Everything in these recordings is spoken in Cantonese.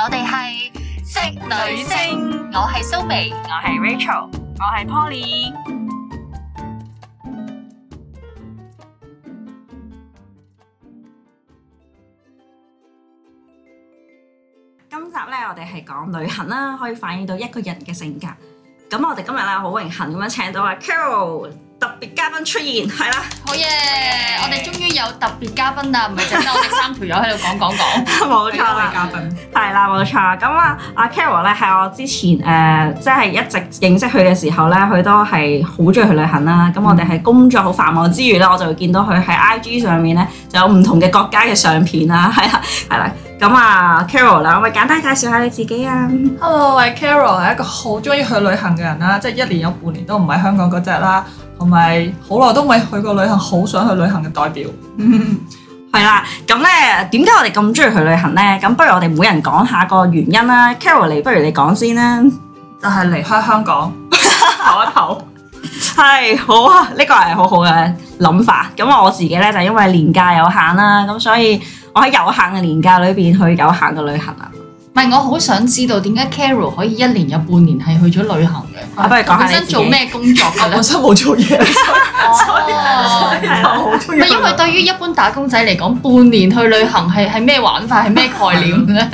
我哋係職女聲，我係蘇眉，我係 Rachel，我係 Poly。今集呢，我哋係講旅行啦，可以反映到一個人嘅性格。咁我哋今日呢，好榮幸咁樣請到阿 Carl。特別嘉賓出現係啦，好耶！耶我哋終於有特別嘉賓說說說 啦，唔係淨得我哋三條友喺度講講講冇特別嘉賓係啦，冇錯。咁啊，阿 Carol 咧係我之前誒，即、呃、係、就是、一直認識佢嘅時候咧，佢都係好鍾意去旅行啦。咁我哋喺工作好繁忙之餘咧，我就會見到佢喺 I G 上面咧就有唔同嘅國家嘅相片啦。係啦，係啦。咁啊，Carol，嗱，我咪簡單介紹下你自己啊。Hello，我係 Carol，係一個好鍾意去旅行嘅人啦，即、就、係、是、一年有半年都唔喺香港嗰隻啦。同埋好耐都未去過旅行，好想去旅行嘅代表。係 啦，咁咧點解我哋咁中意去旅行咧？咁不如我哋每人講下個原因啦。Carol，嚟，不如你講先啦。就係離開香港，唞 一唞。係，好啊，呢、這個係好好嘅諗法。咁我自己咧就是、因為年假有限啦，咁所以我喺有限嘅年假裏邊去有限嘅旅行啦。唔係，我好想知道點解 Carol 可以一年有半年係去咗旅行。本身做咩工作嘅咧？本身冇做嘢，所以好中意。因為對於一般打工仔嚟講，半年去旅行係係咩玩法？係咩概念嘅咧？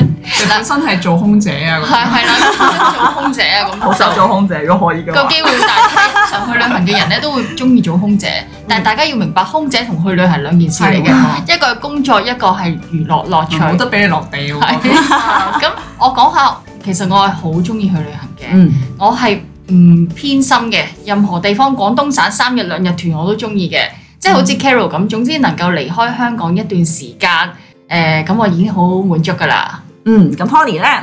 本身係做空姐啊，係係啦，做空姐啊咁。好想做空姐，如果可以嘅個機會，但係想去旅行嘅人咧，都會中意做空姐。但係大家要明白，空姐同去旅行兩件事嚟嘅，一個係工作，一個係娛樂樂趣。冇得俾你落地喎。咁我講下，其實我係好中意去旅行嘅。我係。唔、嗯、偏心嘅，任何地方，廣東省三日兩日團我都中意嘅，即係好似 Carol 咁，嗯、總之能夠離開香港一段時間，誒、呃，咁我已經好滿足噶啦。嗯，咁 Honey 咧，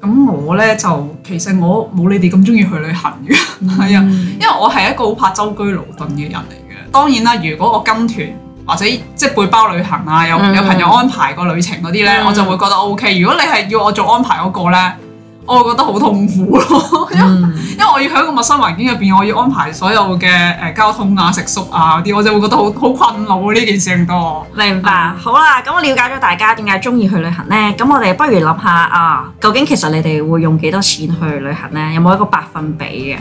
咁我咧就其實我冇你哋咁中意去旅行嘅，係啊、嗯， 因為我係一個好怕舟車勞頓嘅人嚟嘅。當然啦，如果我跟團或者即係背包旅行啊，有有朋友安排個旅程嗰啲咧，嗯、我就會覺得 OK。如果你係要我做安排嗰個咧。我會覺得好痛苦咯，因為我要喺一個陌生環境入面，我要安排所有嘅誒交通啊、食宿啊嗰啲，我就會覺得好好困惱呢、啊、件事更多。明白，uh, 好啦，咁我了解咗大家點解鍾意去旅行呢？咁我哋不如諗下啊，究竟其實你哋會用幾多錢去旅行呢？有冇一個百分比嘅？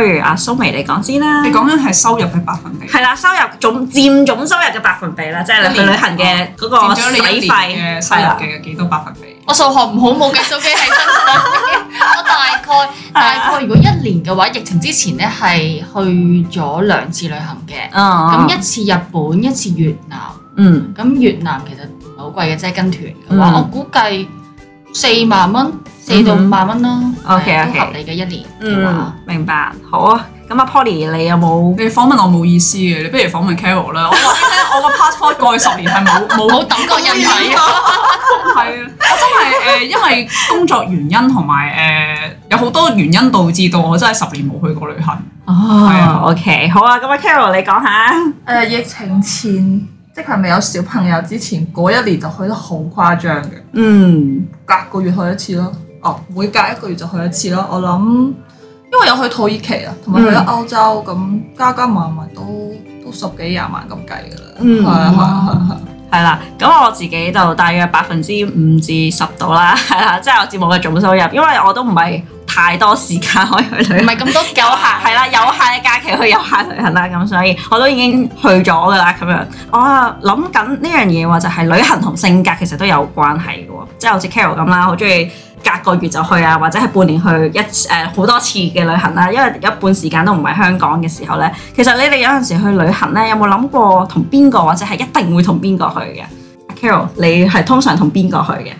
不如阿蘇眉嚟講先啦。你講緊係收入嘅百分比。係啦，收入總佔總收入嘅百分比啦，即係你去旅行嘅嗰個洗費嘅收入嘅幾多百分比？我數學唔好，冇計數機係真係，我大概大概如果一年嘅話，疫情之前咧係去咗兩次旅行嘅，咁一次日本，一次越南。嗯。咁越南其實唔係好貴嘅，即係跟團嘅話，我估計。四萬蚊，四到五萬蚊咯，OK k okay. 都合理嘅一年。嗯，明白，好啊。咁阿 Polly 你有冇？你訪問我冇意思嘅，你不如訪問 Carol 啦。 我聽聽，我個 passport 過去十年係冇冇等過印記。係啊，我真係誒、呃，因為工作原因同埋誒，有好多原因導致到我真係十年冇去過旅行。哦、oh, 的，OK，好啊，咁啊，Carol 你講下。誒、 呃，疫情前。 即係未有小朋友之前嗰一年就去得好誇張嘅，嗯，隔個月去一次咯，哦，每隔一個月就去一次咯，我諗，因為有去土耳其啊，同埋、嗯、去咗歐洲，咁加加埋埋都都十幾廿萬咁計噶啦，嗯，係啊是，係係係，係啦，咁我自己就大約百分之五至十度啦，係啦，即係、就是、我節目嘅總收入，因為我都唔係。太多時間可以去旅行，唔係咁多 有限係啦，有限嘅假期去有限旅行啦，咁所以我都已經去咗㗎啦咁樣。我諗緊呢樣嘢喎，就係、是、旅行同性格其實都有關係嘅喎、哦，即係好似 Carol 咁啦，好鍾意隔個月就去啊，或者係半年去一誒好、呃、多次嘅旅行啦，因為一半時間都唔係香港嘅時候呢，其實你哋有陣時去旅行呢，有冇諗過同邊個，或者係一定會同邊個去嘅？Carol，你係通常同邊個去嘅？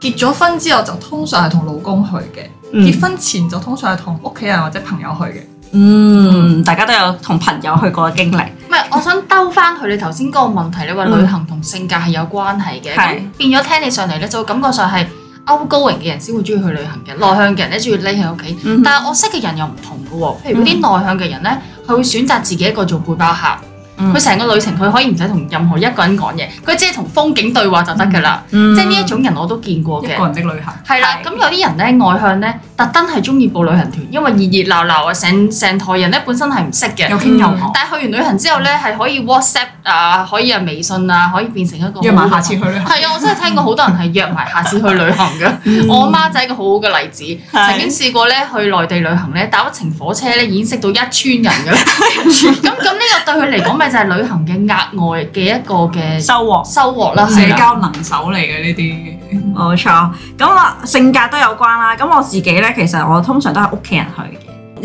結咗婚之後就通常係同老公去嘅。嗯、結婚前就通常係同屋企人或者朋友去嘅，嗯，嗯，大家都有同朋友去過嘅經歷。唔係，我想兜返去你頭先嗰個問題，你話旅行同性格係有關係嘅，變咗嗎聽你上嚟咧，就感覺上係 outgoing 嘅人先會鍾意去旅行嘅，內向嘅人咧鍾意匿喺屋企。嗯、哼但係我識嘅人又唔同㗎喎，譬如嗰啲內向嘅人咧，佢、嗯、會選擇自己一個做背包客。佢成個旅程，佢可以唔使同任何一個人講嘢，佢只係同風景對話就得㗎啦。嗯嗯、即係呢一種人我都見過嘅。一個人的旅行係啦。咁的的有啲人呢，嗯、外向咧。特登係中意報旅行團，因為熱熱鬧鬧啊，成成台人咧本身係唔識嘅，但係去完旅行之後咧係可以 WhatsApp 啊，可以啊微信啊，可以變成一個約埋下次去咧。係啊，我真係聽過好多人係約埋下次去旅行嘅。我阿、 嗯、媽仔個好好嘅例子，嗯、曾經試過咧去內地旅行咧，搭一程火車咧已經認識到一村人嘅。咁咁呢個對佢嚟講咪就係旅行嘅額外嘅一個嘅收穫收穫啦。穫社交能手嚟嘅呢啲，冇錯。咁啊性格都有關啦。咁我自己咧。其實我通常都係屋企人去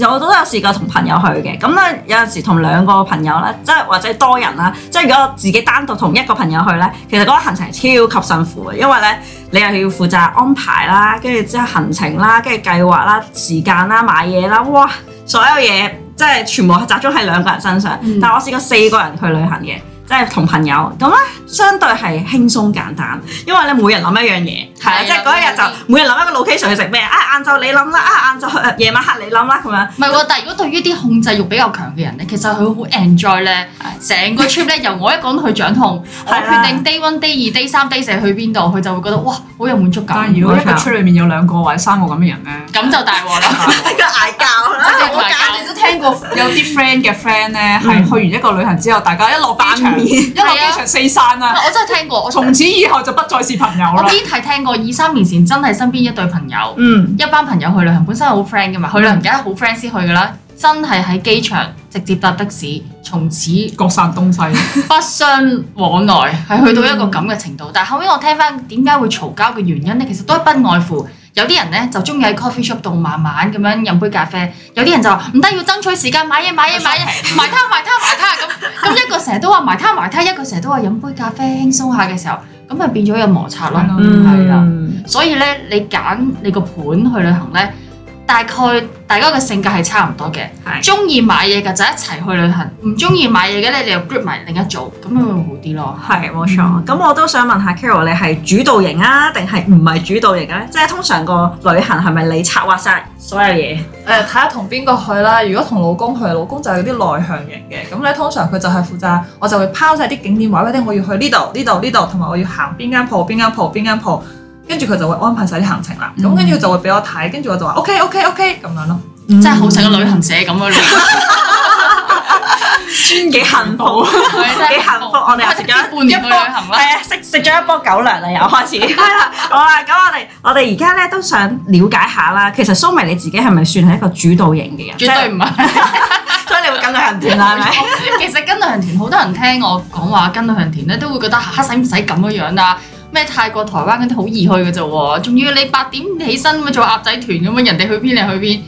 嘅，我都有試過同朋友去嘅。咁咧有陣時同兩個朋友咧，即係或者多人啦，即係如果自己單獨同一個朋友去咧，其實嗰個行程超級辛苦嘅，因為咧你又要負責安排啦，跟住之後行程啦，跟住計劃啦，時間啦，買嘢啦，哇，所有嘢即係全部集中喺兩個人身上。嗯、但我試過四個人去旅行嘅。即係同朋友咁咧，相對係輕鬆簡單，因為你每人諗一樣嘢，係啊，即係嗰一日就每人諗一個 location 去食咩啊。晏晝你諗啦，啊晏晝夜晚黑你諗啦，咁樣。唔係喎，但係如果對於啲控制欲比較強嘅人咧，其實佢好 enjoy 咧，成個 trip 咧由我一個人去掌控，我決定 day one day 二 day 三 day 四去邊度，佢就會覺得哇好有滿足感。但如果一個 trip 裡面有兩個或者三個咁嘅人咧，咁就大鑊啦，大家嗌交，我簡直都聽過有啲 friend 嘅 friend 咧，係去完一個旅行之後，大家一落返場。因為機場四散啦、啊！我真係聽過，我從此以後就不再是朋友啦。我已經係聽過二三年前真係身邊一對朋友，嗯，一班朋友去旅行，本身係好 friend 㗎嘛，去旅行梗係好 friend 先去㗎啦。真係喺機場直接搭的士，從此各散東西，不相往來，係 去到一個咁嘅程度。但後尾我聽翻點解會嘈交嘅原因咧，其實都係不外乎。有啲人呢，就鍾意喺 coffee shop 度慢慢咁樣飲杯咖啡，有啲人就話唔得，要爭取時間買嘢買嘢買嘢，埋單埋單埋單咁，咁一個成日都話埋單埋單，一個成日都話飲杯咖啡輕鬆下嘅時候，咁咪變咗有摩擦咯，係啦、嗯，所以咧你揀你個盤去旅行咧。大概大家嘅性格係差唔多嘅，鍾意的買嘢嘅就一齊去旅行，唔鍾意買嘢嘅咧，你又 group 埋另一組，咁樣會好啲囉。係冇錯。咁、嗯、我都想問下 Carol，你係主導型啊，定係唔係主導型咧、啊？即、就、係、是、通常個旅行係咪你策劃晒所有嘢？誒睇下同邊個去啦。如果同老公去，老公就有啲內向型嘅，咁咧通常佢就係負責，我就會拋晒啲景點位俾佢，我要去呢度呢度呢度，同埋我要行邊間鋪邊間鋪邊間鋪。跟住佢就會安排晒啲行程啦，咁跟住就會俾我睇，跟住我就話 OK OK OK 咁樣咯，真係好似個旅行社咁樣樣，尊幾幸福，幾幸福！我哋又食咗半年旅行啦，係啊，食食咗一波狗糧啦，又開始。係啦，好啦，咁我哋我哋而家咧都想了解下啦，其實蘇眉你自己係咪算係一個主導型嘅人？絕對唔係，所以你會跟旅行團啦，係咪？其實跟旅行團好多人聽我講話跟旅行團咧，都會覺得嚇使唔使咁樣樣啊？咩？什麼泰國、台灣嗰啲好易去嘅啫喎，仲要你八點起身咁做鴨仔團咁啊！人哋去邊你去邊，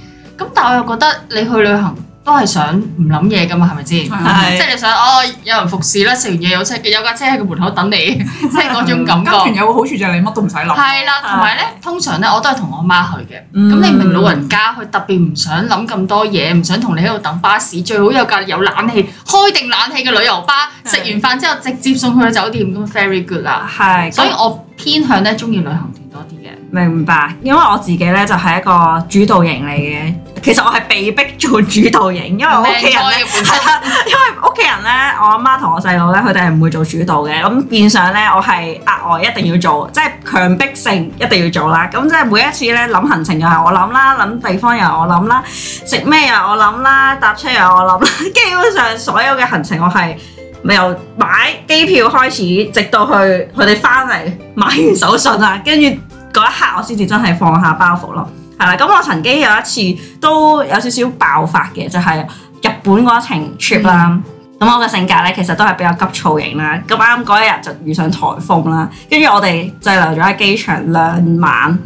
咁但我又覺得你去旅行，都係想唔諗嘢噶嘛，係咪先？係係即係你想哦，有人服侍啦，食完嘢有車，有架車喺個門口等你，即係嗰種感覺。 跟團有個好處就係你乜都唔使諗。係啦，同埋咧，通常咧我都係同我媽去嘅。咁、嗯、你明老人家，佢特別唔想諗咁多嘢，唔想同你喺度等巴士，最好有架有冷氣，開定冷氣嘅旅遊巴，食的完飯之後直接送去酒店，咁 very good 啦。係的。所以我偏向咧，中意旅行團多啲嘅。明白，因為我自己咧就係一個主導型嚟嘅。其實我係被逼做主導型，因為我屋企人咧， 因為屋企人咧，我阿媽同我細佬咧，佢哋係唔會做主導嘅，咁變相咧，我係額外一定要做，即係強迫性一定要做啦。咁即係每一次咧，諗行程又係我諗啦，諗地方又我諗啦，食咩又我諗啦，搭車又我諗啦。基本上所有嘅行程我係由買機票開始，直到去佢哋翻嚟買完手信啊，跟住嗰一刻我先至真係放下包袱咯。係啦，咁我曾經有一次都有少少爆發嘅，就係、是、日本嗰一程 trip 啦，嗯。咁我嘅性格咧，其實都係比較急躁型啦。咁啱嗰一日就遇上颱風啦，跟住我哋滯留咗喺機場兩晚，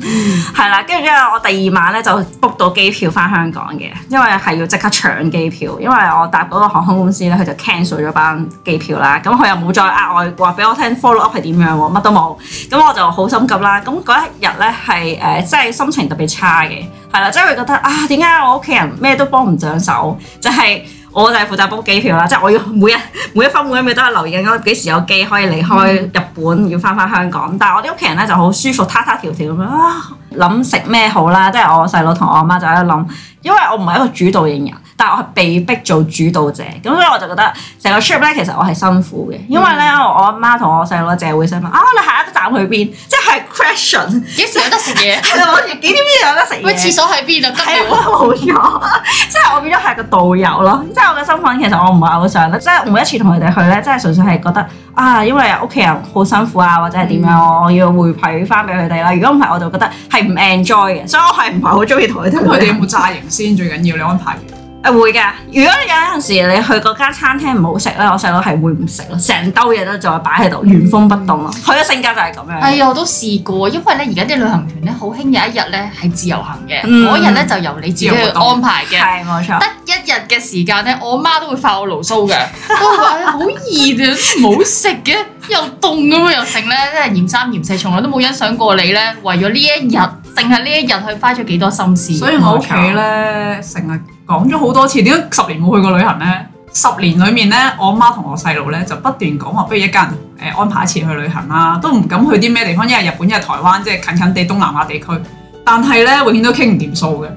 係 啦。跟住之後，我第二晚咧就 book 到機票返香港嘅，因為係要即刻搶機票，因為我搭嗰個航空公司咧，佢就 cancel 咗班機票啦。咁佢又冇再呃我話俾我聽 follow up 係點樣，乜都冇。咁我就好心急啦。咁嗰一日咧係誒，即係、呃、心情特別差嘅，係啦，即係覺得啊，點解我屋企人咩都幫唔上手，就係、是。我就係負責 book 機票啦，即係我要每日每一分每一秒都係留意緊，幾時有機可以離開日本，嗯、要翻返香港。但係我啲屋企人咧就好舒服，坦坦條條咁啊，諗食咩好啦，都係我細佬同我媽就喺度諗，因為我唔係一個主導型人。我係被逼做主導者，咁所以我就覺得成個 trip 咧，其實我係辛苦嘅，因為咧我阿媽同我細佬就會成日問啊，你下一站去邊？即係 question 幾時有得食嘢？幾點有得食嘢？個廁所喺邊啊？根本冇咗， 即係我變咗係個導遊咯。即係我嘅身份其實我唔係好想，即係每一次同佢哋去咧，即係純粹係覺得啊，因為屋企人好辛苦啊，或者係點樣，我要回饋翻俾佢哋啦。如果唔係，我就覺得係唔 enjoy 嘅，所以我係唔係好中意同佢哋。佢哋有冇炸型先？最緊要你安排。誒會嘅，如果你有陣時候你去嗰間餐廳唔好食，我細佬係會唔食咯，成兜嘢都仲擺喺度，原封不動咯。佢嘅、嗯、性格就係咁樣。係啊、哎，我都試過，因為咧而家啲旅行團咧好興有一日咧係自由行嘅，嗰日咧就由你自己去安排嘅。係冇錯。得一日嘅時間咧，我媽都會發我牢騷嘅，都話、 哎、好熱啊，都唔 好食嘅，又凍咁又剩咧，真係嫌三嫌四，從來都冇欣賞過你咧，為咗呢一日。淨係呢一日去花咗幾多心思，所以我屋企咧成日講咗好多次，點解十年冇去過旅行咧？十年裏面咧，我阿媽同我細佬咧就不斷講話，不如一家人誒安排一次去旅行啦，都唔敢去啲咩地方，因為日本因為台灣，即係近近地東南亞地區，但係咧永遠都傾唔掂數嘅。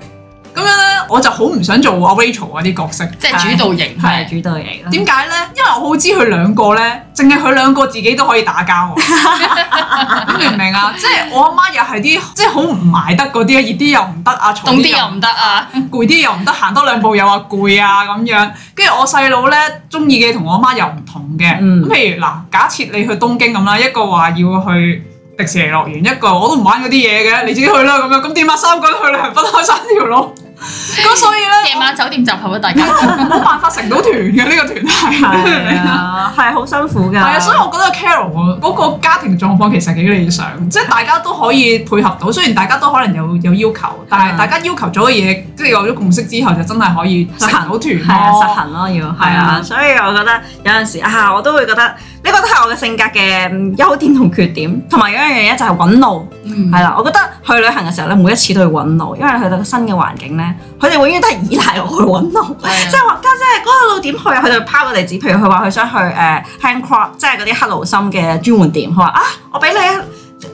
咁樣咧，我就好唔想做阿 Rachel 嗰、啊、啲角色，即係主導型，係、uh, 是主導型。點解咧？因為我好知佢兩個咧，淨係佢兩個自己都可以打交。 你明唔明 啊？即係我阿媽又係啲即係好唔埋得嗰啲啊，熱啲又唔得啊，凍啲又唔得啊，攰啲又唔得，行多兩步又話攰啊咁樣。弟弟跟住我細佬咧，鍾意嘅同我阿媽又唔同嘅。咁、嗯、譬如嗱，假設你去東京咁啦，一個話要去迪士尼樂園，一個，一個我都唔玩嗰啲嘢嘅，你自己去啦咁樣。咁點啊？三個去你係，分開三條路。咁所以咧，夜晚酒店集合，大家冇 辦法成到團嘅呢個團體，係 啊，係好 辛苦噶。係啊，所以我覺得 Carol 嗰個家庭狀況其實幾理想， 即係大家都可以配合到。雖然大家都可能有有要求，但係大家要求咗嘅嘢，即係 有咗共識之後，就真係可以成到團、 啊、實行到團咯，實行咯要係啊。所以我覺得有陣時啊，我都會覺得。呢個都係我嘅性格嘅優點同缺點，同埋有一樣嘢就係揾路，係啦、嗯。我覺得去旅行嘅時候咧，每一次都要揾路，因為去到個新嘅環境咧，佢哋永遠都係依賴我去揾路，即係話家姐嗰、那個路點去啊？佢就拋個地址，譬如佢話佢想去誒、uh, handcraft，即係嗰啲黑奴心嘅專門店，佢話啊，我俾你啊，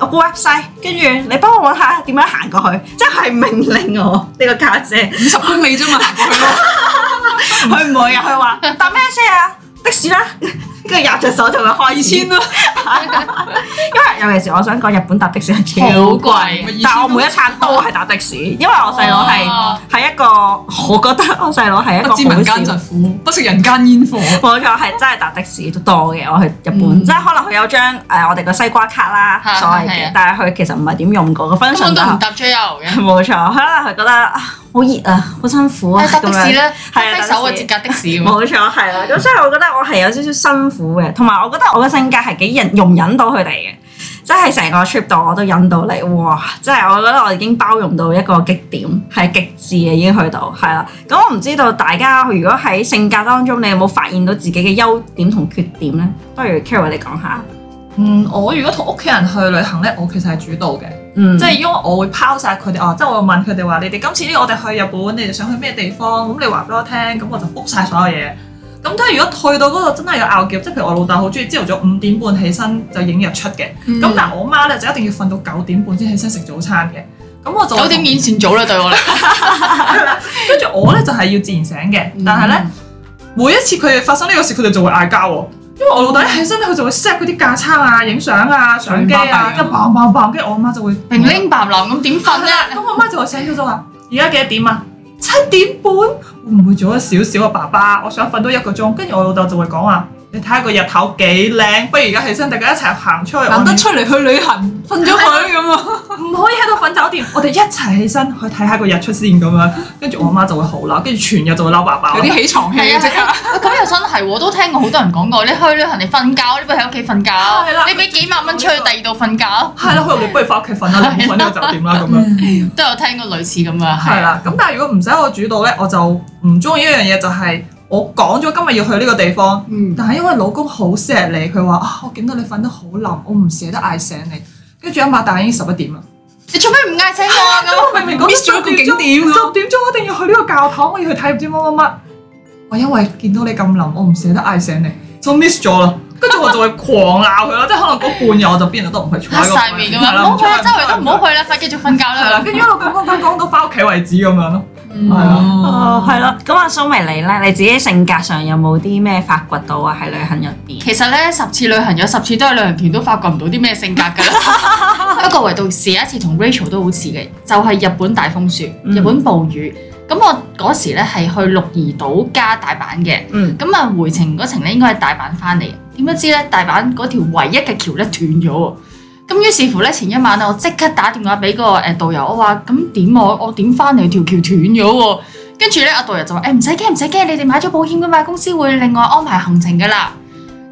我 WhatsApp，跟住你幫我揾下點樣行過去，即、就、係、是、命令我呢、這個家姐五十公里啫嘛，佢唔會啊，佢話搭咩車啊？的士啦。跟住入隻手同佢開二千咯，2000 了 因為尤其是我想講日本搭的士係超貴，貴但我每一餐都係搭的、啊、的士，因為我細佬係係一個我覺得我細佬係一個知民間疾苦，不食人間煙火。冇錯，係真係搭的士都多嘅。我去日本，嗯、即係可能佢有張誒、呃、我哋個西瓜卡啦，所謂嘅，嗯、是是但係佢其實唔係點用過個分寸啦，都唔搭車油嘅。冇錯。可能佢覺得。好熱啊，好辛苦啊，咁、嗯、樣。係啊，的手我接架的士。冇 錯，係啦。咁所以我覺得我係有少少辛苦嘅，同埋我覺得我個性格係幾容忍到佢哋嘅，即係成個 trip 度我都忍到你，哇！即係我覺得我已經包容到一個極點，係極致嘅已經去到，係啦。咁我唔知道大家如果喺性格當中，你有冇發現到自己嘅優點同缺點咧？不如 Carry 你講下。嗯，我如果同屋企人去旅行咧，我其實係主導嘅，即係、嗯、因為我會拋晒佢哋啊，即、就、係、是、我會問佢哋話：你哋今次呢？我哋去日本，你哋想去咩地方？咁你話俾我聽，咁我就 book 曬所有嘢。咁即係如果去到嗰度真係有拗撬，即係譬如我老豆好中意朝頭早五點半起身就影日出嘅，咁、嗯、但我媽咧就一定要瞓到九點半先起身食早餐嘅。咁我就九點面前早咧對我嚟。跟住我咧就係、是、要自然醒嘅，但係咧、嗯、每一次佢哋發生呢個事，佢哋就會嗌交喎。因為我老豆一起身咧，佢就會 set 嗰啲架撐啊、影相啊、相機啊，跟住 b 我媽就會零零白林咁點瞓啦。咁、啊、我媽就話醒咗就話：而家幾點啊？七點半，不會唔會早咗少少啊？爸爸，我想瞓多一個鐘。跟住我老豆就會講話。你睇下個日頭幾靚，不如而家起身，大家一齊行出去。難得出嚟去旅行，瞓咗佢咁啊！唔可以喺度瞓酒店，我哋一齊起身去睇下個日出先咁樣。跟住我媽就會好啦，跟住全日就會嬲爸爸。有啲起牀氣啊！咁又真係，我都聽過好多人講過，你去旅行你瞓覺，你不如喺屋企瞓覺，你俾幾萬蚊出去第二度瞓覺，係啦，佢不如返屋企瞓啦，唔好瞓喺酒店啦咁樣。都有聽過類似咁啊。係啦，咁但係如果唔使我主導咧，我就唔中意一樣嘢就係。我講咗今日要去呢個地方，嗯、但係因為老公好錫你，佢話啊，我見到你瞓得好冧，我唔捨得嗌醒你。跟住一擘大眼已經十一點啦。你做咩唔嗌醒我啊？ 我明明講 miss 咗個景點，十點鐘一定要去呢個教堂，我要去睇唔知乜乜乜。我因為見到你咁冧，我唔捨得嗌醒你，所以 miss 咗啦。跟住我就會狂鬧佢咯，即係可能嗰半日我就邊度都唔去。黑晒面咁樣啦，周圍都唔好去啦，快繼續瞓覺啦。跟住一路講講講講到翻屋企為止咁樣咯。 係啊，係咯、mm.，咁、哦、阿蘇眉你咧，你自己性格上有冇啲咩發掘到啊？喺旅行入邊，其實咧十次旅行有十次都係旅行團，都發掘唔到啲咩性格噶， 不過唯獨係一次同 Rachel 都好似嘅，就係、是、日本大風雪、嗯、日本暴雨。咁我嗰時咧係去鹿兒島加大阪嘅，咁啊、嗯、回程嗰程咧應該係大阪翻嚟，點不知咧大阪嗰條唯一嘅橋咧斷咗啊！咁於是乎咧，前一晚咧，我即刻打電話俾個誒導遊，我話：咁點我？我點翻嚟？條橋斷咗喎！跟住咧，阿導遊就話：誒唔使驚，唔使驚，你哋買咗保險噶嘛，公司會另外安排行程噶啦。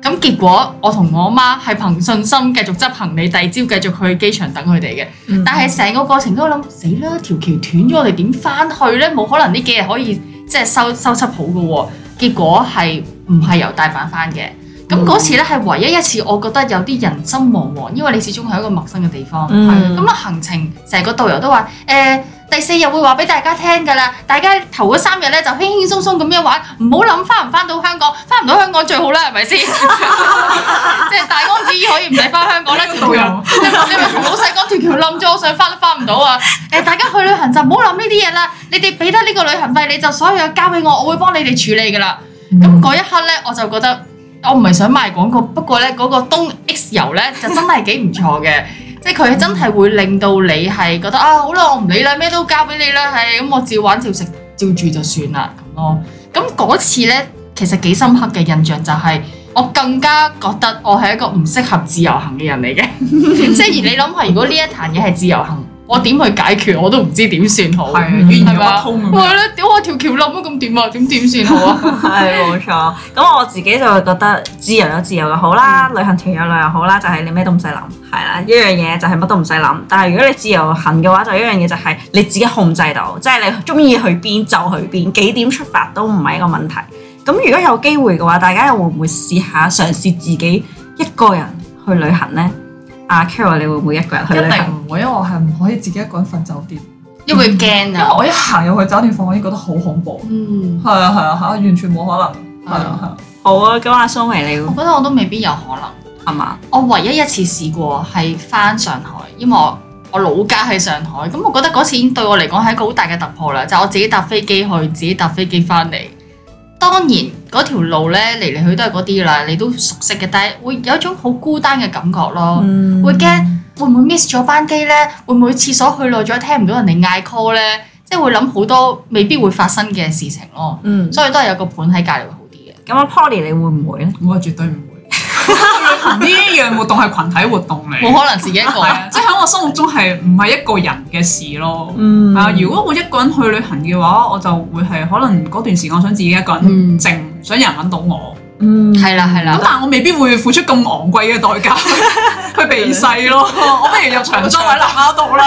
咁、嗯、結果我同我媽係憑信心繼續執行李，你第二朝繼續去機場等佢哋嘅。嗯、但係成個過程都諗死啦，條橋斷咗，我哋點翻去咧？冇可能呢幾日可以即係收修葺好噶喎。結果係唔係由大阪翻嘅？咁嗰次咧係唯一一次，我覺得有啲人心惶惶，因為你始終係一個陌生嘅地方。咁、嗯、個行程成個導遊都話：誒、呃、第四日會話俾大家聽㗎啦，大家頭嗰三日咧就輕輕鬆鬆咁樣玩，唔好諗翻唔翻到香港，翻唔到香港最好啦，係咪先？即係大安旨意可以唔使翻香港啦。 導遊， 你話你咪同老細講，條橋冧咗，我想翻都翻唔到啊！誒、呃，大家去旅行就唔好諗呢啲嘢啦。你哋俾得呢個旅行費，你就所有嘢交俾我，我會幫你哋處理㗎啦。咁嗰、嗯、一刻咧，我就覺得。我唔係想賣廣告，不過咧嗰、那個東 X 遊咧就真係幾唔錯嘅， 即係佢真係會令到你係覺得啊好啦，我唔理啦，咩都交俾你啦，係咁、嗯、我照玩照食照住就算啦咁咯。咁、嗯、嗰、那個、次咧其實幾深刻嘅印象就係、是、我更加覺得我係一個唔適合自由行嘅人嚟嘅， 即係而你諗下，如果呢一壇嘢係自由行。我點去解決我都唔知點算好，係、啊吧嗯、嘛？係咯，屌我條橋冧都咁點啊，點點算好啊？係冇 錯，咁我自己就覺得自由有自由就好啦，嗯、旅行團有旅遊好啦，就係、是、你咩都唔使諗，係啦、啊，一樣嘢就係乜都唔使諗。但係如果你自由行嘅話，就一樣嘢就係你自己控制到，即、就、係、是、你中意去邊就去邊，幾點出發都唔係一個問題。咁如果有機會嘅話，大家又會唔會試下嘗試自己一個人去旅行呢？阿 K，、ah, 你會唔會一個人去咧？一定唔會，因為我係唔可以自己一個人瞓酒店，因為驚啊！我一行入去酒店房，我已經覺得好恐怖。嗯，係啊，係啊，嚇完全冇可能。係、嗯、啊，係、啊、好啊。咁阿蘇眉，你我覺得我都未必有可能係嘛？啊、我唯一一次試過係翻上海，因為我，我老家喺上海，咁我覺得嗰次已經對我嚟講係一個好大嘅突破啦。就是、我自己搭飛機去，自己搭飛機翻嚟。當然嗰條路咧嚟嚟去都係嗰啲啦，你都熟悉嘅，但係會有一種好孤單嘅感覺咯，嗯、會驚會唔會 miss 咗班機咧？會唔會廁所去耐咗聽唔到人哋嗌 call 咧？即係會諗好多未必會發生嘅事情咯。嗯、所以都係有個伴喺隔籬會好啲嘅。咁阿 Polly 你會唔會咧？我絕對唔會。 呢樣活動係群體活動嚟，冇可能自己一個、 啊，即係喺我心目中係唔係一個人嘅事咯。嗯，啊，如果我一個人去旅行嘅話，我就會係可能嗰段時間我想自己一個人靜，嗯、想有人揾到我。嗯，嗯、啊，係啦、啊，係啦、啊。咁但我未必會付出咁昂貴嘅代價去避世、嗯、咯。我不如入長租喺南丫島度啦，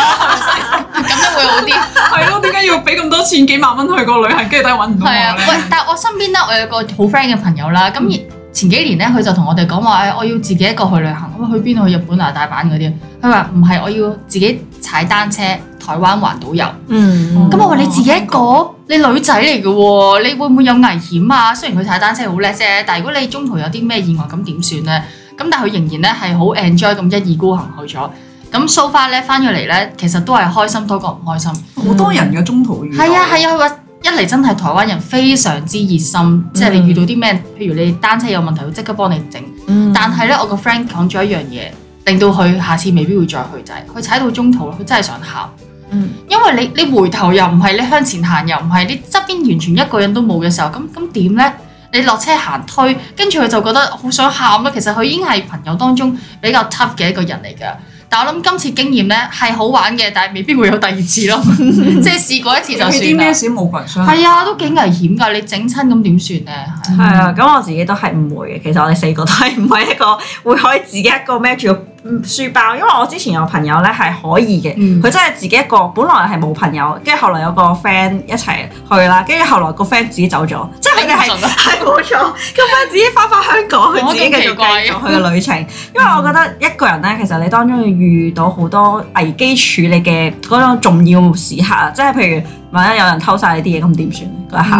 咁 樣會好啲、 啊。係咯，點解要俾咁多錢幾萬蚊去個旅行，跟住都揾唔到我咧？係啊，但係我身邊咧，我有個好 friend 嘅朋友啦，咁 前幾年咧，佢就同我哋講話，哎，我要自己一個去旅行，咁去邊度？去日本啊，大阪嗰啲。佢話唔係，我要自己踩單車，台灣環島遊。嗯，咁、嗯、我話你自己一個，嗯、你女仔嚟嘅喎，你會唔會有危險啊？雖然佢踩單車好叻啫，但係如果你中途有啲咩意外，咁點算咧？咁但係佢仍然咧係好 enjoy 咁一意孤行去咗。咁 so far 咧返咗嚟咧，其實都係開心多過唔開心。好、嗯、多人嘅中途遇到。係啊係啊，佢話。一嚟真係台灣人非常之熱心，嗯、即係你遇到啲咩，譬如你單車有問題，會即刻幫你整。嗯、但係呢，我個 friend 講咗一樣嘢，令到佢下次未必會再去就係、是、佢踩到中途，佢真係想喊，嗯、因為你你回頭又唔係，你向前行又唔係，你側邊完全一個人都冇嘅時候，咁咁點呢？你落車行推，跟住佢就覺得好想喊咯。其實佢已經係朋友當中比較 tough 嘅一個人嚟㗎。但我諗今次經驗咧係好玩嘅，但係未必會有第二次咯。 即係試過一次就算。 有啲係啊，都幾危險㗎！你整親咁點算咧？係啊，咁我自己都係唔會嘅。其實我哋四個都係唔係一個會可以自己一個孭住書包，因為我之前有朋友咧係可以嘅，佢、嗯、真係自己一個，本來係冇朋友，跟住後來有個 friend 一齊去啦，跟住後來個 friend 自己走咗，即係佢哋係係冇錯，咁樣自己翻返香港，佢我 自己繼續繼續佢嘅旅程。因為我覺得一個人咧，其實你當中要遇到好多危機處理嘅嗰種重要時刻，即係譬如萬一有人偷晒你啲嘢，咁點算嗰一刻？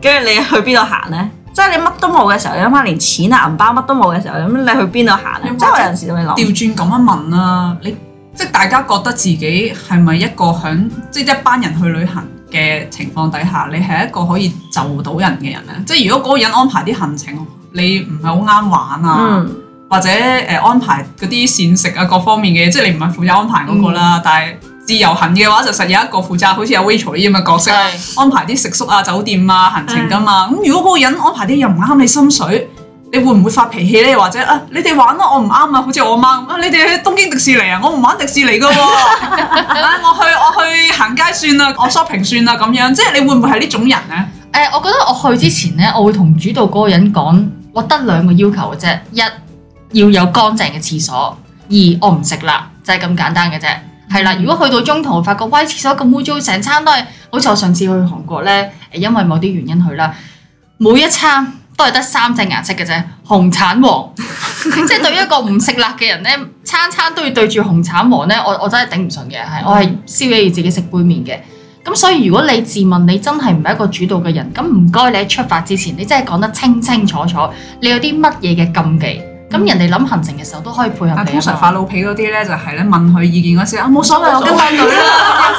跟住、嗯、你去邊度行咧？即係你乜都冇嘅時候，你諗下連錢啊、銀包乜都冇嘅時候，咁你去邊度行啊？即係我有時會諗調轉咁樣問啦。你即係大家覺得自己係咪一個響即係一班人去旅行嘅情況底下，你係一個可以就到人嘅人咧？嗯、即係如果嗰個人安排啲行程，你唔係好啱玩啊，嗯、或者誒、呃、安排嗰啲膳食啊各方面嘅，即係你唔係負責安排嗰個啦，嗯、但係。自由行嘅話，就實有一個負責，好似阿 Rachel 呢咁嘅角色的安排啲食宿啊、酒店啊、行程噶、啊、嘛。咁的如果嗰個人安排啲又唔啱你心水，你會唔會發脾氣咧？或者啊，你哋玩咯、啊，我唔啱啊。好似我媽咁啊，你哋去東京迪士尼啊，我唔玩迪士尼噶喎、啊。啊， 我去我去行街算啦，我 shopping 算啦，咁樣即係你會唔會係呢種人咧？誒、呃，我覺得我去之前咧，我會同主導嗰個人講，我得兩個要求嘅啫，一要有乾淨嘅廁所，二我唔食辣就係、是、咁簡單嘅啫。係啦，如果去到中途發覺，喂，廁所咁污糟，成餐都係，好似我上次去韓國咧，因為某啲原因去啦，每一餐都係得三隻顏色嘅啫，紅、橙、黃， 即係對於一個唔食辣嘅人咧，餐餐都要對住紅、橙、黃咧，我我真係頂唔順嘅，係我係宵夜要自己食杯麪嘅，咁所以如果你自問你真係唔係一個主導嘅人，咁唔該你喺出發之前，你真係講得清清楚楚，你有啲乜嘢嘅禁忌？咁人哋諗行程嘅時候都可以配合你。通常發老皮嗰啲咧，就係咧問佢意見嗰時啊，冇所謂，我跟翻隊啦。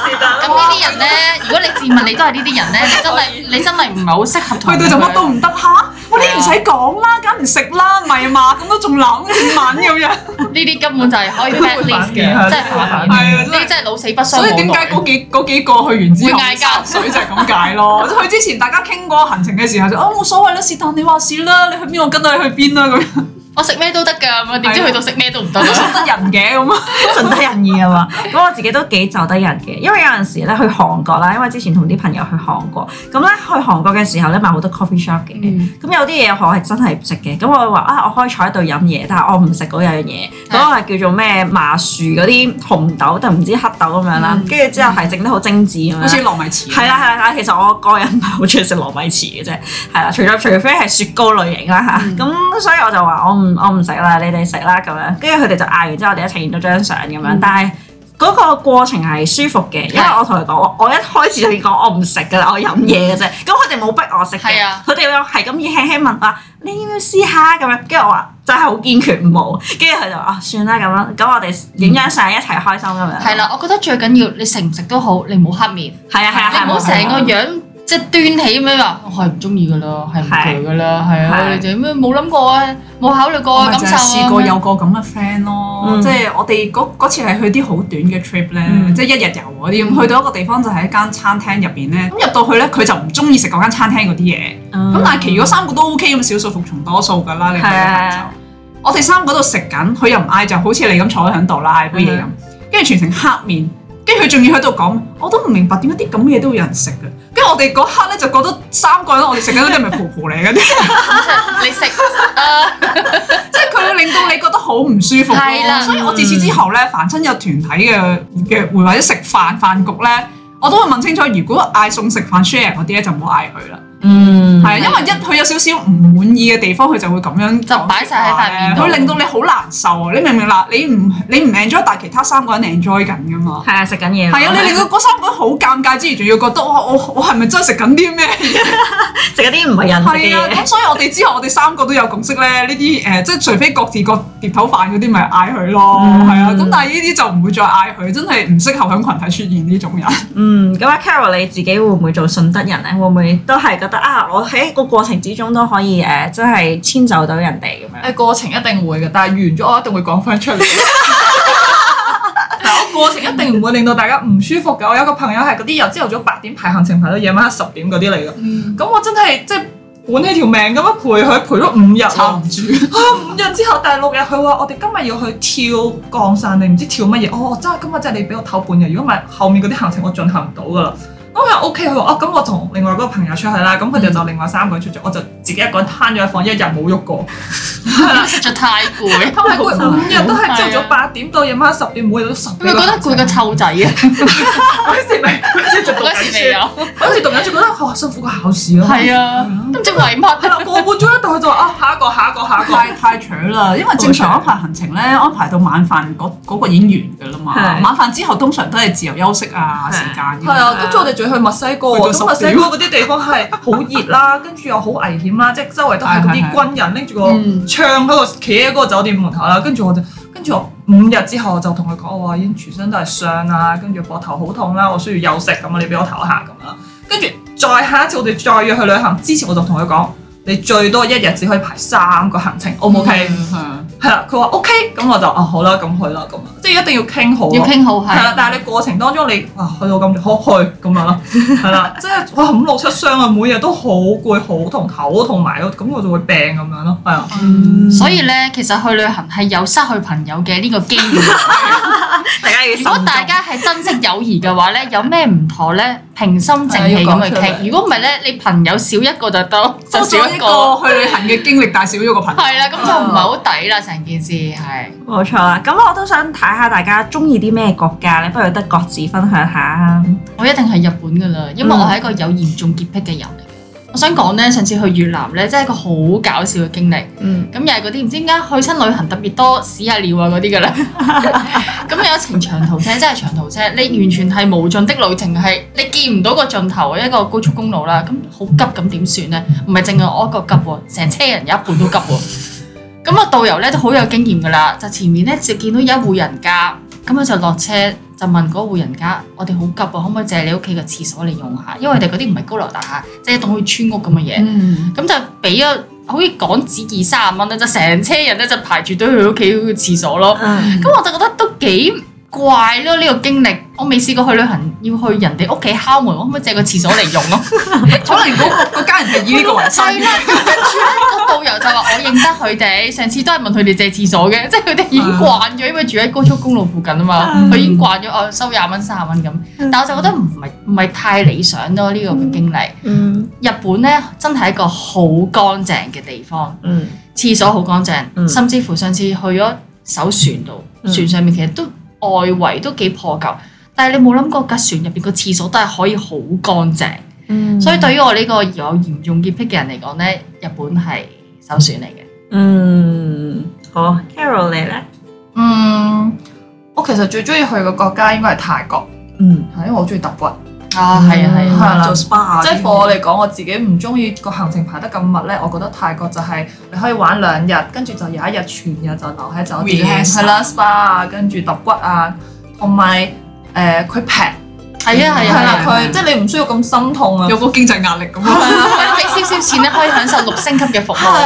咁呢啲人咧，如果你自問你都係呢啲人咧，你真係你真係唔係好適合去到就乜都唔得吓。我啲唔使講啦，梗唔食啦，唔係嘛，咁都仲諗英文咁樣？呢啲根本就係可以 bad list 嘅，即係麻煩嘅。呢啲真係老死不相。所以點解嗰幾嗰幾個去完之後，水就係咁解咯？去之前大家傾過行程嘅時候就啊，冇所謂啦，是但你話是啦，你去邊我跟到你去邊啦，咁樣。我食咩都得㗎，點知去到食咩都唔得？順得人嘅咁啊， 順得人意啊嘛。咁 我自己都幾就得人嘅，因為有陣時咧去韓國啦，因為之前同啲朋友去韓國，咁咧去韓國嘅時候咧買好多 coffee shop 嘅，咁、嗯、有啲嘢我係真係唔食嘅。咁我話啊，我可以坐喺度飲嘢，但係我唔食嗰樣嘢。嗰個係叫做咩麻薯嗰啲紅豆定唔知黑豆咁樣啦，跟住、嗯、之後係整得好精緻好似、嗯、糯米糍。係啦係啦，其實我個人唔係好中意食糯米糍嘅啫，係啦，除咗除非係雪糕類型啦嚇，咁、嗯、所以我就話我唔。嗯、我唔食啦，你哋食啦咁樣，跟住佢哋就嗌完之後，我哋一齊影咗張相咁樣。嗯、但係嗰個過程係舒服嘅，因為我同佢講，我一開始就講我唔食噶啦，我飲嘢嘅啫。咁佢哋冇逼我食，係啊，佢哋係咁意輕輕問我你要唔要試下咁樣，跟住我話真係好堅決唔好。跟住佢就話啊算啦咁樣，咁我哋影張相一齊開心咁樣。係啦、啊，我覺得最緊要你食唔食都好，你唔好黑面，係啊係啊，啊啊你唔好成個樣。即係端起咁樣話，我係唔中意噶啦，係唔攰噶啦，係啊，你哋咩冇諗過啊，冇考慮過感受啊。試過有個咁嘅 friend 咯，即係我哋嗰次係去啲好短嘅 trip 咧，即係一日遊嗰啲。去到一個地方就係一間餐廳入邊咧，咁入到去咧，佢就唔中意食嗰間餐廳嗰啲嘢。咁但係，其餘三個都 O K 咁，少數服從多數噶啦。你睇下就我哋三個喺度食緊，佢又唔嗌，就好似你咁坐喺度啦，嗌啲嘢咁，跟住全程黑面，跟住佢仲要喺度講，我都唔明白點解啲咁嘅嘢都會有人食嘅。因為我哋嗰刻咧就覺得三個人我哋食緊嗰啲係咪蒲蒲嚟嗰啲？你食啊！即係佢會令到你覺得好唔舒服咯。所以我自此之後咧，凡親有團體嘅約會或者食飯飯局咧，我都會問清楚，如果嗌餸食飯 share 嗰啲咧，就唔好嗌佢啦。嗯，係啊，因為一佢有少少唔滿意嘅地方，佢就會咁樣，就擺晒喺塊面，佢令到你好難受。你明唔明啦？你唔、嗯、你唔 enjoy，但係其他三個人 enjoy 緊噶嘛？係啊，食緊嘢。係對啊，啊你令到嗰三個好尷尬之餘，仲要覺得我我我係咪真係食緊啲咩？食緊啲唔係人嘅嘢，咁所以我哋之後我哋三個都有共識咧，呢啲誒，即係除非各自各自各碟頭飯嗰啲，咪嗌佢咯。係、嗯、啊，咁但係呢啲就唔會再嗌佢，真係唔適合喺群體出現呢種人。嗯，咁阿 Carol 你自己會唔會做順德人咧？會唔會都係啊！我喺個過程之中都可以誒、啊，真係遷就到人哋咁樣。誒過程一定會嘅，但係完咗我一定會講翻出嚟。 但我過程一定唔會令到大家唔舒服嘅。我有個朋友係嗰啲由朝頭早八點排行程排到夜晚黑十點嗰啲嚟嘅。咁、嗯、我真係即係挽起條命咁樣陪佢陪咗五日住，五日、 啊、之後第六日佢話：我哋今日要去跳降落傘定唔知跳乜嘢？哦，真係今日真係你俾我唞半日，如果唔係後面嗰啲行程我進行唔到㗎啦。都係 OK，佢話哦咁，我同另外嗰個朋友出去啦，咁佢哋就另外三個人出咗，我就自己一個人攤咗一房，一日冇喐過，實在太攰，咁攰成五日都係朝早八點到夜晚十點，每日都十個。你覺得攰個臭仔啊？好似未，好似仲讀緊書啊？好似讀緊書覺得哦辛苦過考試咯。係啊，咁即係乜？係啦，過半鐘一度佢就話啊，下一個下一個下一個，太太長啦，因為正常安排行程咧，安排到晚飯嗰嗰個已經完㗎啦嘛，晚飯之後通常都係自由休息啊時間。係啊，咁即係我哋。去墨西哥，咁墨西哥嗰啲地方係好熱啦， 跟住又好危險啦，即係周圍都係嗰啲軍人拎住個槍嗰個企喺嗰個酒店門口啦，跟住我就跟住我五日之後我就同佢講，我已經全身都係傷啦，跟住我頭好痛啦，我需要休息咁，你俾我唞下咁啦，跟住再下一次我哋再約去旅行之前，我就同佢講，你最多一日只可以排三個行程，O 唔 OK？ 係啦，佢話、啊、OK，咁我就啊好啦，咁去啦，咁即係一定要傾好，好。要傾好係。係啦，但係你過程當中你啊去到咁、呢個、好去咁樣咯，係啦，即係我五六七箱啊，哎、每日都好攰好痛口同埋咯，咁我就會病咁樣咯，係啊。嗯、所以咧，其實去旅行係有失去朋友嘅呢個機會。 大家如果大家係珍惜友誼嘅話咧，有咩唔妥咧？平心靜氣咁去傾。如果唔係咧，你朋友少一個就得，就少一個，一個去旅行嘅經歷，大少咗一個朋友。係啦， 咁、sí、就唔係好抵啦。成件事係冇錯啦，咁我都想睇下大家中意啲咩國家咧，你不如得各自分享下。我一定係日本噶啦，因為我係一個有嚴重潔癖嘅人。嗯，我想講呢，上次去越南呢，真係一個好搞笑嘅經歷。嗯，咁又係嗰啲唔知點解去親旅行特別多屎下尿啊嗰啲噶啦。咁 有一程長途車，真係長途車，你完全係無盡的路程，係你見唔到個盡頭一個高速公路啦。咁好急咁點算呢？唔係淨係我一個急喎，成車人有一半都急喎。 咁個導遊咧都好有經驗噶啦，就前面咧就見到有一戶人家，咁佢就落車就問嗰戶人家：我哋好急啊，可唔可以借你屋企嘅廁所嚟用下？嗯、因為我哋嗰啲唔係高樓大廈，即、就、係、是、當佢村屋咁嘅嘢。咁、嗯、就俾咗好似港紙二三十蚊啦，就成車人咧就排住隊去屋企廁所咯。咁唉我就覺得都幾～怪咯呢、這個經歷，我未試過去旅行，要去人哋屋企敲門，我可唔可以借個廁所嚟用咯？ 可能嗰、那個、 個，個家人就以呢個為生。係啦， 個導遊就話我認得佢哋， 上次都係問佢哋借廁所嘅，即係佢哋已經慣咗，因為住喺高速公路附近啊嘛，佢已經慣咗我收廿蚊三十蚊咁。嗯、但我就覺得唔係唔係太理想咯呢、這個經歷。嗯嗯、日本咧真係一個好乾淨嘅地方，廁、嗯、所好乾淨，甚至乎上次去咗艘船度，嗯、船上面其實都～外圍都幾破舊，但係你冇諗過架船入邊個廁所都係可以好乾淨，嗯、所以對於我呢個有嚴重潔癖嘅人嚟講咧，日本係首選嚟嘅。嗯，好，Carol 你咧？嗯，我其實最中意去嘅國家應該係泰國，嗯，係因為我中意揼骨。啊，係啊係啊，做 SPA，即係我嚟講，我自己唔中意個行程排得咁密咧。我覺得泰國就係你可以玩兩日，跟住就有一日全日就留喺酒店，係啦，SPA 啊，跟住揼骨啊，同埋誒佢平，係啊係啊係啦，佢即係你唔需要咁心痛啊，有個經濟壓力咁樣，俾少少錢咧可以享受六星級嘅服務，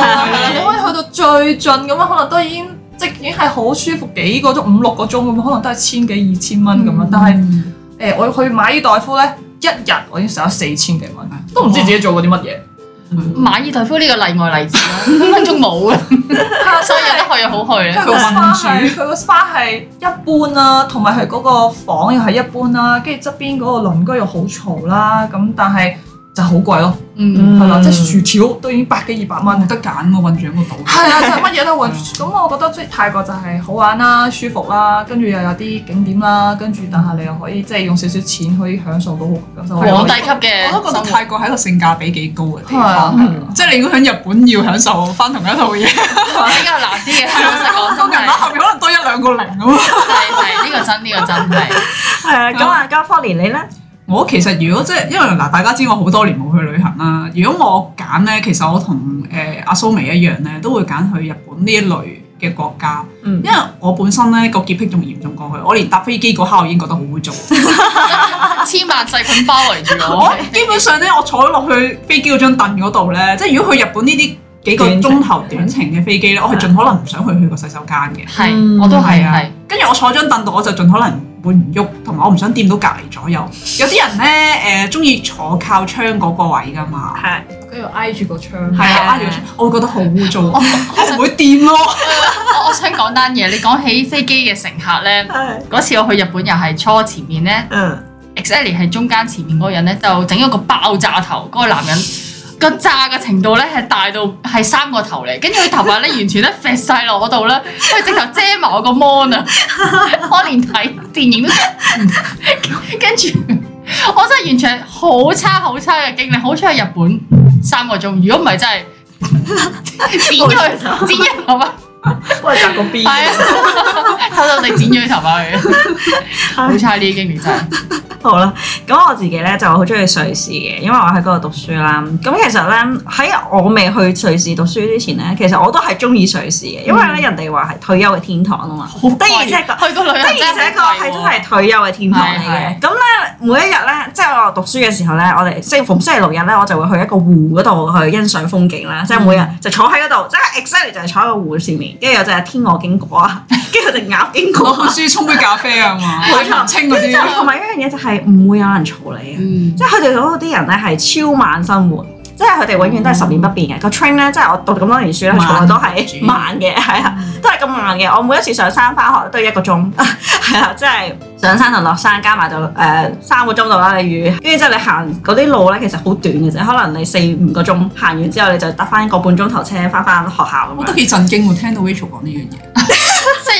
你可以去到最盡咁樣，可能都已經即已經係好舒服幾個鐘、五六個鐘咁樣，可能都係千幾二千蚊咁樣，但係。誒我要去馬爾代夫咧，一日我已經使咗四千幾蚊，都唔知自己做過啲乜嘢。哦嗯、馬爾代夫呢個例外例子啦，分分鐘冇啊。 所以有得去又好去咧。佢個 spa 係，佢個 spa 係一般啦，同埋係嗰個房又係一般啦，跟住側邊嗰個鄰居又好嘈啦，咁但係。就好貴咯，嗯，係啦，即係薯條都已經百幾二百蚊，冇得揀，我揾住一個島。係啊，即係乜嘢都揾。咁我覺得即泰國就係好玩啦、舒服啦，跟住又有啲景點啦，跟住但係你又可以即係用少少錢可以享受到感受皇帝級嘅。我都覺得泰國係一個性價比幾高嘅地方，即係你如果喺日本要享受翻同一套嘢比較難啲嘅，係我成日講，後面可能多一兩個零啊嘛。係呢個真呢個真係。誒，咁啊，嘉科連你咧？我其實如果即係，因為嗱大家知我好多年冇去旅行啦。如果我揀咧，其實我同誒阿蘇眉一樣咧，都會揀去日本呢一類嘅國家，嗯、因為我本身咧個潔癖仲嚴重過佢，我連搭飛機嗰刻我已經覺得好污糟，千萬細菌包圍住我。基本上咧，我坐落去飛機嗰張凳嗰度咧，即係 如果去日本呢啲幾個鐘頭短程嘅飛機咧，嗯、我係盡可能唔想去去個洗手間嘅。係，我都係、嗯、啊。跟住我坐張凳度，我就盡可能。會我唔喐，同埋我唔想掂到隔離左右。有啲人咧，誒、呃，中意坐靠窗嗰個位噶嘛？係，跟住、啊、挨住個窗，係啊，挨住窗，我覺得好污糟，我唔會掂咯。我想講單嘢，你講起飛機嘅乘客咧，嗰、啊、次我去日本又係初前面咧，exactly 係中間前面嗰人咧，就整咗個爆炸頭，嗰、那個男人。 個炸嘅程度咧，係大到係三個頭嚟，跟住佢頭髮咧完全都甩晒落嗰度啦，因為 直頭遮埋我個 mon 啊，我連睇電影都跟住， 我真係完全好差好差嘅經歷。好彩係日本三個鐘，如果唔係真係剪佢剪一頭髮。我係夾個 b 睇到我哋剪咗啲頭髮嘅，好差啲經驗真。好啦，咁我自己咧就好中意瑞士嘅，因為我喺嗰度讀書啦。咁其實咧喺我未去瑞士讀書之前咧，其實我都係中意瑞士嘅，因為咧人哋話係退休嘅天堂，嗯、啊嘛。好得意，即去過女，的而且個係真係退休嘅天堂嚟嘅。咁咧每一日咧，即係我讀書嘅時候咧，我哋即逢星期六日咧，我就會去一個湖嗰度去欣賞風景啦。即係每日就坐喺嗰度，即係 exciting 就係坐喺個、就是就是就是、湖上面。跟住有隻天鵝經過啊，跟住有隻鴨經過啊。 我好中意沖杯咖啡啊嘛，好 錯、嗯、清嗰啲。同埋、就是、一樣嘢就係、是、唔會有人嘈你啊，即係佢哋嗰啲人咧係超慢生活。即係佢哋永遠都係十年不變嘅、嗯、個 train 咧，即係我讀咁多年書咧，慢 從來都係慢嘅，係啊的，的都係咁慢嘅。嗯、我每一次上山翻學都要一個鐘，係 啊，即、就、係、是、上山同落山加埋就誒、呃、三個鐘到啦。例如，跟住之後你行嗰啲路咧，其實好短嘅啫，可能你四五個鐘行完之後，你就搭翻個半鐘頭車翻翻學校。我都得幾震驚喎， 會聽到 Rachel 講呢樣嘢。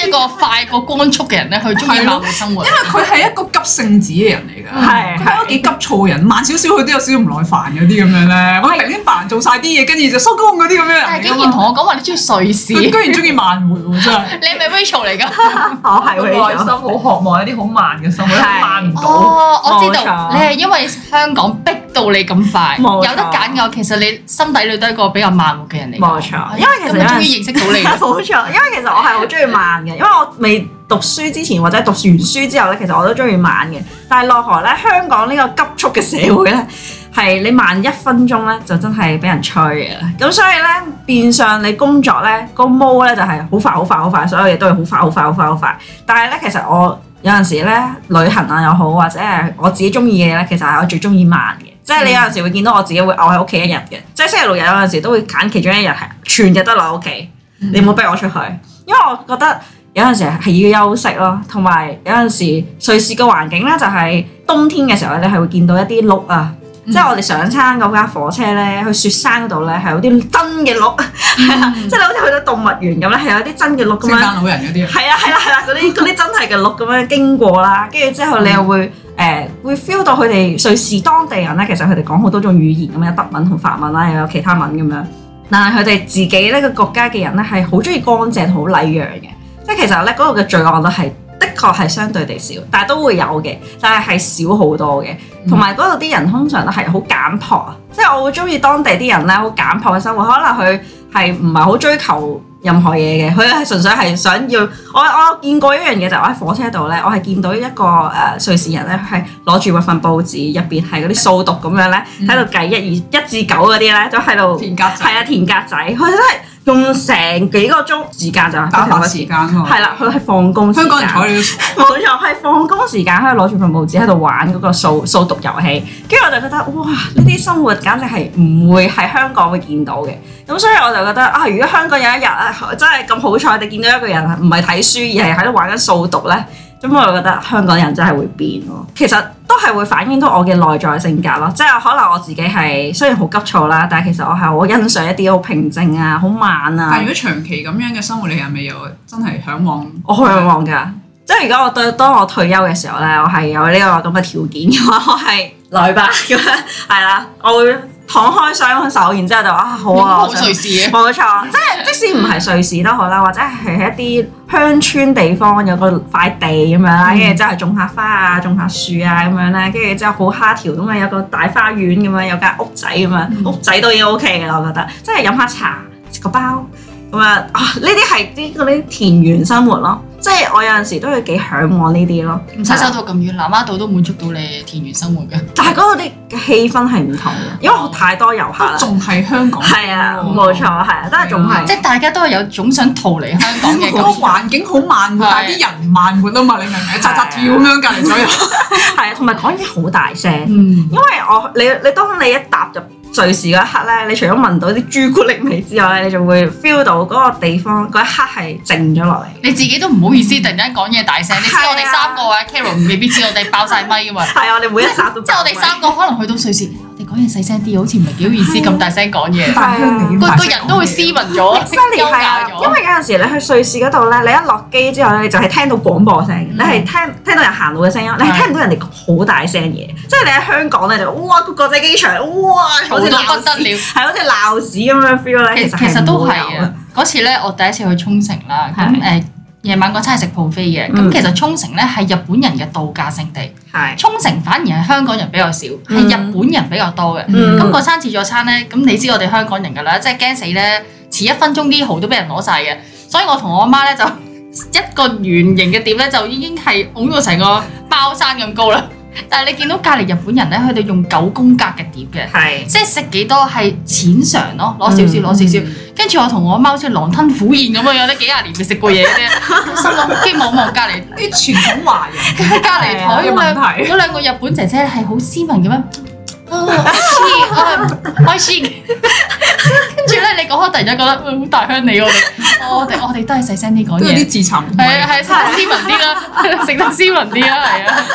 一個快過光速嘅人咧，佢中意慢生活，因為佢係一個急性子嘅人嚟㗎，佢都幾急躁嘅人，慢少少佢都有少少唔耐煩嗰啲咁樣咧。我係頂啲煩，做晒啲嘢，跟住就收工嗰啲咁樣。但係竟然同我講話你中意瑞士，佢居然中意慢活真係。你係咪 Rachel 嚟㗎？係啊，好耐心，好渴望一啲好慢嘅生活，慢唔到。哦，我知道，你係因為香港逼到你咁快，有得揀嘅。其實你心底裡都係一個比較慢嘅人嚟。冇錯，因為其實咁先認識到你。冇錯，因為其實我係好中意慢嘅。因為我未讀書之前或者讀完書之後咧，其實我都中意慢嘅。但係落河咧，香港呢個急速嘅社會咧，係你慢一分鐘咧，就真係俾人催嘅。咁所以咧，變相你工作咧個毛咧就係好快、好快、好快，所有嘢都係好快、好快、好快、好快、快。但係咧，其實我有陣時咧，旅行啊又好，或者係我自己中意嘅咧，其實係我最中意慢嘅。嗯、即係你有陣時會見到我自己會熬喺屋企一日嘅，即係星期六日有陣時都會揀其中一日係全日都落屋企。嗯、你唔好逼我出去，因為我覺得。有陣時係要休息咯，同埋有陣時瑞士個環境咧，就係冬天嘅時候咧，你係會見到一啲鹿啊，嗯、即係我哋上餐嗰架火車咧，去雪山嗰度咧，係有啲真嘅鹿，係啦、嗯，即係、啊就是、好似去到動物園咁咧，係有啲真嘅鹿咁樣。雪山老人嗰啲啊。係啊，係啦、啊，係啦，嗰啲嗰啲真係嘅鹿咁樣經過啦，跟住之後你又會誒、嗯呃、會 feel 到佢哋瑞士當地人咧，其實佢哋講好多種語言咁樣，德文同法文啦，又有其他文咁樣，但係佢哋自己呢個國家嘅人咧係好中意乾淨，好禮讓嘅。其實咧，嗰度嘅罪案都係的確係相對地少，但係都會有嘅，但係係少好多嘅。同埋嗰度啲人通常都係好簡樸，即係我會中意當地啲人咧好簡樸嘅生活。可能佢係唔係好追求任何嘢嘅，佢係純粹係想要。我我見過一樣嘢就係、是、我喺火車度咧，我係見到一個誒瑞士人咧，係攞住份報紙，入邊係嗰啲數獨咁樣咧，喺度計一二一至九嗰啲咧，就喺度係啊填格仔，佢真係。用成幾個鐘時間就打發時間喎、啊，係啦，佢係放工，香港人了，冇錯係放工時間，佢攞住份報紙喺度玩嗰個數數獨遊戲，跟住我就覺得哇！呢啲生活簡直係唔會喺香港會見到嘅，咁所以我就覺得啊，如果香港有一日啊，真係咁好彩，你哋見到一個人唔係睇書，而係喺度玩緊數獨呢。咁我覺得香港人真係會變咯，其實都係會反映到我嘅內在性格咯，即係可能我自己係雖然好急躁啦，但係其實我係好欣賞一啲好平靜啊、好慢啊。但如果長期咁樣嘅生活，你係咪又真係向往？我好向往㗎，是即係如果我對當我退休嘅時候咧，我係有呢、這個咁嘅條件嘅話，我係來吧咁樣，係 啦， 我會。攤開雙手，然之後就啊好啊，冇錯想，即係錯即使唔係瑞士都好啦， 或者係喺一啲鄉村地方有個塊地咁樣啦，跟住之後種下花啊，種下樹啊咁樣咧，跟住之後好蝦條咁啊，有個大花園咁啊，有間屋仔咁啊，嗯、屋仔都已經 OK 嘅啦，我覺得，即係飲下茶，食個包咁啊，呢啲係啲嗰啲田園生活咯。即係我有陣時都會幾嚮往呢啲咯，唔使走到咁遠，南丫島都滿足到你田園生活嘅。但係嗰度啲氣氛係唔同嘅，因為太多遊客啦。仲係香港，係啊，冇錯，係啊，真係仲係。即係大家都係有總想逃離香港嘅，嗰個環境好慢，但係啲人慢半度嘛，你明唔明？扎扎跳咁樣隔離左右，係啊，同埋講嘢好大聲。嗯，因為我你你當你一踏入，瑞士嗰一刻咧，你除咗聞到啲朱古力味之外咧，你仲會 feel 到嗰個地方嗰一刻係靜咗落嚟。你自己都唔好意思，突然間講嘢大聲。 你知我哋三個啊 Carol，未必知我哋爆晒咪啊嘛。係啊，你每一集都即係是 我哋三個可能去到瑞士。講嘢細聲啲，好似唔係幾好意思咁大聲講嘢。個人都會斯文咗，因為有陣時你去瑞士嗰度咧，你一落機之後咧，你就係聽到廣播聲，你係聽聽到人行路嘅聲音，你係聽唔到人哋好大聲嘢。即係你喺香港咧，就哇個國際機場哇，好似鬧不得了，係好似鬧市咁樣 feel 咧。其實其實都係啊！嗰次咧，我第一次去沖繩啦咁夜晚嗰餐係食 buffet 嘅，咁、嗯、其實沖繩咧係日本人嘅度假勝地，是沖繩反而係香港人比較少，係、嗯、日本人比較多嘅。咁、嗯、嗰餐自助餐咧，咁你知我哋香港人㗎啦，即係驚死咧，遲一分鐘啲蠔都俾人攞晒嘅。所以我同我媽咧就一個圓形嘅碟咧，就已經係擁到成個包山咁高啦。但係你見到隔離日本人咧，佢哋用九宮格嘅碟嘅，是即係食幾多係淺嘗咯，攞少、嗯、少攞少少，跟住、嗯、我同我媽好似狼吞虎咽咁樣，都幾廿年未食過嘢嘅啫， 心諗跟望望隔離啲傳統華人 隔離台咁樣，嗰 兩個日本姐姐係好斯文嘅咩？哦、oh, um,，I C I 跟住咧，你講開突然就覺得，好大鄉里喎！我哋、啊、 我哋都係細聲啲講嘢，都啲自尋，係係，斯文啲啦，食得 斯文啲啦，係啊，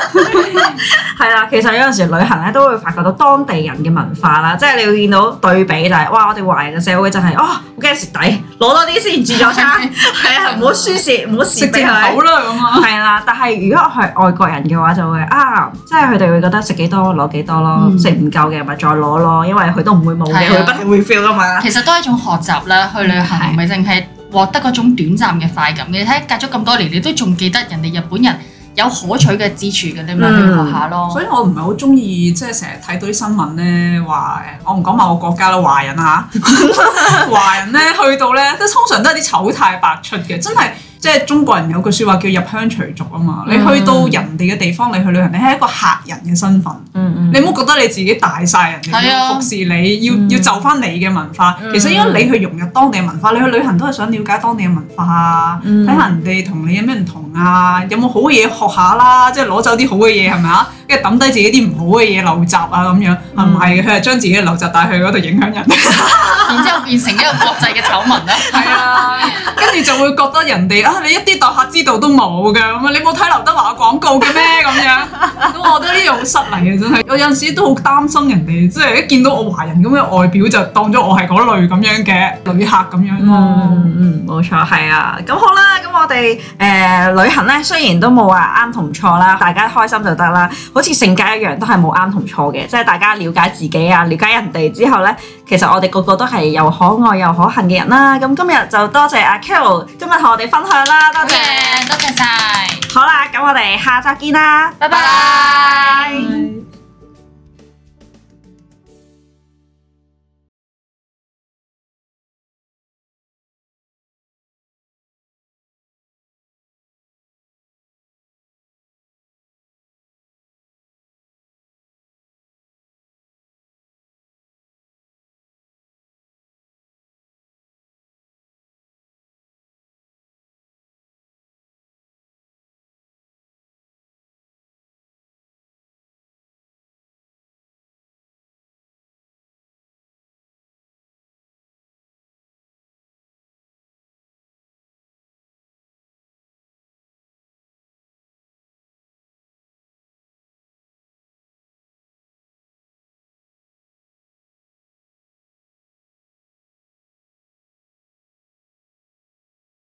係 啦、 啊。其實有陣時旅行咧都會發覺到當地人嘅文化啦，即、就、係、是、你要見到對比，就係哇！我哋華人嘅社會就係，哦，我驚蝕底，攞多啲先自助餐，係 啊，唔好輸蝕，唔好蝕底佢，好啦咁啊，係啦、啊啊。但係如果係外國人嘅話，就會啊，即係佢哋會覺得食幾多攞幾多咯， 嗯唔夠嘅咪再攞咯，因為佢都唔會冇嘅，佢、啊、不停會 feel 噶嘛。其實都係一種學習啦，去旅行唔係淨係獲得嗰種短暫嘅快感。啊、你睇隔咗咁多年，你都仲記得人哋日本人有可取嘅之處嘅，你咪去學下咯、嗯。所以我唔係好中意即係成日睇到啲新聞咧，話我唔講某個國家啦，華人嚇、啊， 華人咧去到咧，即係通常都係啲醜態百出嘅，真係。即係中國人有句説話叫入鄉隨俗啊嘛，嗯、你去到人哋嘅地方，你去旅行，你係一個客人嘅身份，嗯嗯、你唔好覺得你自己大晒、嗯、人哋服侍你，要、嗯、要就翻你嘅文化。嗯、其實應該你去融入當地嘅文化，你去旅行都係想了解當地嘅文化睇下、嗯、人哋同你有咩唔同啊，有冇好嘅嘢學下啦，即係攞走啲好嘅嘢係咪啊？跟住抌低自己啲唔好嘅嘢陋習啊咁樣，唔係嘅，佢就將自己嘅陋習帶去嗰度影響人哋， 然之後變成一個國際嘅醜聞啦。係啊，跟住就會覺得人哋。你一啲待客之道都冇嘅，咁啊你冇睇劉德華嘅廣告嘅咩？咁樣，咁 我覺得呢樣好失禮嘅，真係。我有陣時都好擔心人哋，即、就、係、是、一見到我華人咁嘅外表就當咗我係嗰類咁樣嘅旅客咁樣咯、嗯。嗯冇錯，係啊。咁好啦，咁我哋誒、呃、旅行咧，雖然都冇話啱同錯啦，大家開心就得啦。好似性格一樣都係冇啱同錯嘅，即係大家了解自己啊，了解人哋之後咧，其實我哋個個都係又可愛又可恨嘅人啦。咁今日就多謝阿 Carol 今日同我哋分享。啦，多謝，多謝晒。好啦，咁我哋下集見啦，拜拜。